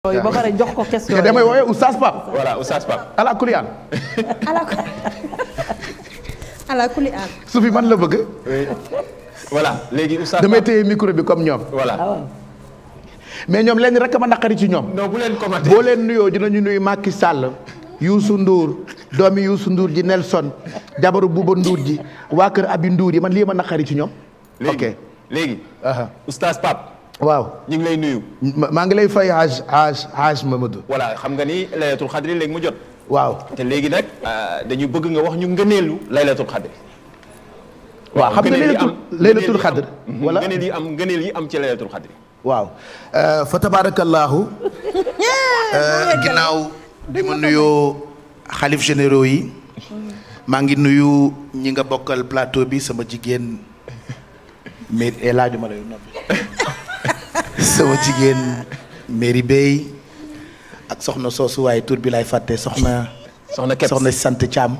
yooyu ba jox ko question yooyu damay woowee oustaz Pape. voilà oustaz Pape. ala kulli su man la bëgg. voilà léegi oustaz damay téye micro bi comme ñoom. voilà ah mais ñoom leen rek ma naqari ci ñoom. non leen commenté boo leen nuyoo dinañu nuyu Macky Sall. Youssou Ndour doomi Youssou Ndour ji Nelson jabaru Bouba Ndour ji waa kër Abi Ndour yi ma lii ma naqari ci ñoom. ok léegi léegi waaw ñu ngi lay nuyu. maa ngi lay fay xaaj xaaj xaaj Mamadou. voilà xam nga ni laylatul xadri léegi mu jot. waaw te léegi nag. Euh, dañu bëgg nga wax ñu ngëneelu laylatul xadri. waaw xam nga laylatul hmm, hmm, yi am ngëneel yi am ci laylatul xadri. waaw euh, fa euh, tabaarakallaahu. ginnaaw bi ma xalif généraux yi. maa ngi nuyu ñi nga bokkal plateau bi sama jigéen mais El Hadj ma lay noppi. sama jigéen Mary Bey ak soxna soosu waaye tur bi lay fàtte soxna. soxna Kebs soxna sant Thiam.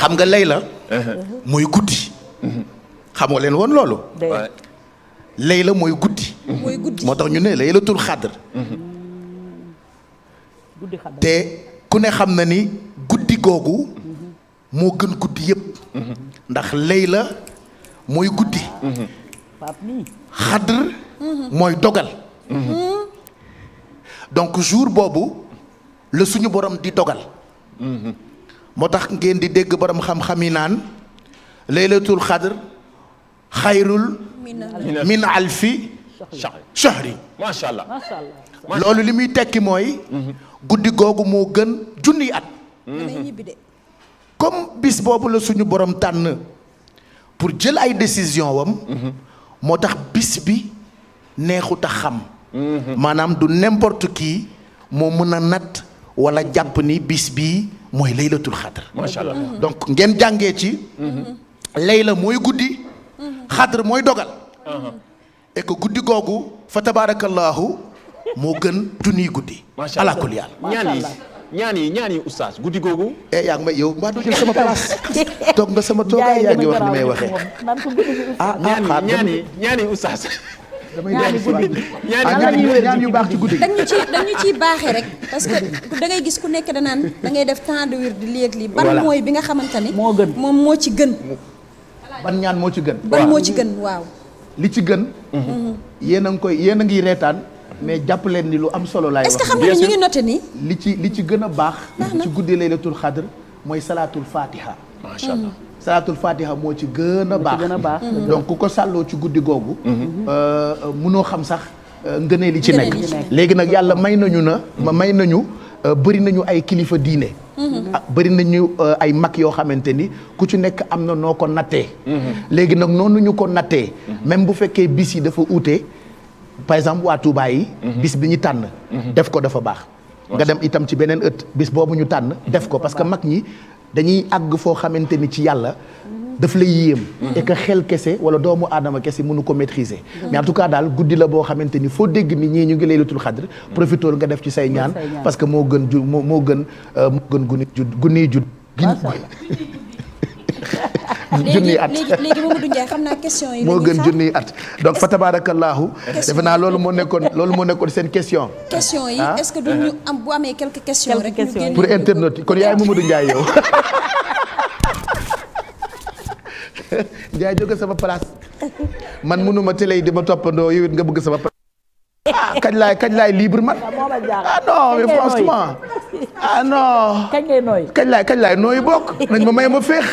xam nga Layla. Uh-huh. mooy guddi. Uh-huh. xamoo leen woon loolu. Layla uh-huh. mooy guddi. moo tax ñu ne Laylatul Xadr. Xadr te ku ne xam na ni guddi googu. moo gën guddi yëpp. ndax layla mooy guddi. xadr mooy dogal. donc jour boobu la suñu borom di dogal. moo tax ngeen di dégg boroom xam-xam yi naan laylatul xadr xayrul. min alfi shahri macha allah loolu li muy tekki mooy. guddi googu moo gën junniy at. comme bis boobu la suñu borom tànn pour jël ay décision wam moo tax bis bi neexut a xam maanaam du n'importe kii moo mën a natt wala jàpp ni bis bii mooy laylatul xadr macha allah mm-hmm. donc ngeen jàngee ci mm-hmm. layla mooy guddi mm-hmm. xadr mooy dogal uh-huh. et guddi googu fa tabaarakallaahu moo gën junniy guddi alaa kulli yàlla ñaan yi ñaan yi oustaz guddi googu. Eh, yaa ngi may yow mbaa doo jël sama place. toog nga sama toogaay yaa ngi wax ni may waxee. ah ah ñaan yi ah, ñaan yi oustaz. damay ñaan yu ah, baax ci guddi dañu ci dañu ciy baaxee rek parce que da gis ku nekk danaan da def temps de wird di lii ak lii ban mooy bi nga xamante ni moo gën moom moo ci gën ban ñaan moo ci gën ban moo ci gën waaw li ci gën mhm. yéen a ngi koy yéen a ngi reetaan mais jàpp leen ni lu am solo laay wax. est-ce li ci li ci gën a baax. ci guddi laylatul xadr mooy salaatul fatiha. macha allah mm. salaatul fatiha moo ci gën a baax. Mm-hmm. donc ku ko sàlloo ci guddi googu. Mm-hmm. Mm-hmm. Euh, munoo xam sax euh, ngënee li ci nekk. léegi nag yàlla may nañu na. may nañu euh, bëri nañu ay kilifa diine. Ah, bëri nañu ay mag yoo xamante ni ku ci nekk am na noo ko nattee. léegi nag noonu ñu ko nattee. même bu fekkee bis yi dafa uute. par exemple waa Touba yi. Mhm. bis bi ñu tànn. Mhm. def ko dafa baax. nga dem itam ci beneen ëtt bis boobu ñu tànn. Mhm. def ko parce que mag ñi dañuy àgg foo xamante ni ci yàlla. daf lay yéem. et xel kese wala doomu aadama kese mënu ko maîtriser. mais en tout daal guddi la boo xamante ni foo dégg ni ñii ñu ngi laylatul xadr. profitool nga def ci say ñaan. parce que moo gën ju moo moo gën euh, moo gën guni ju guni ju. Ah, junniy at léegi léegi Mamadou xam naa question yi moo gën junniy at donc fa tabaarakallaahu defe naa loolu moo nekkoon loolu moo nekkoon seen question question yi ah? est-ce que duñu am bu amee quelques questions rek pour internautes kon yaay Mamadou Ndiaye yow Ndiaye jóge sama place man mënuma télé yi di ma toppandoo yow nga bëgg sama place ah kañ laay kañ laay libre man ah, ah non laay kañ laay ma may ma féex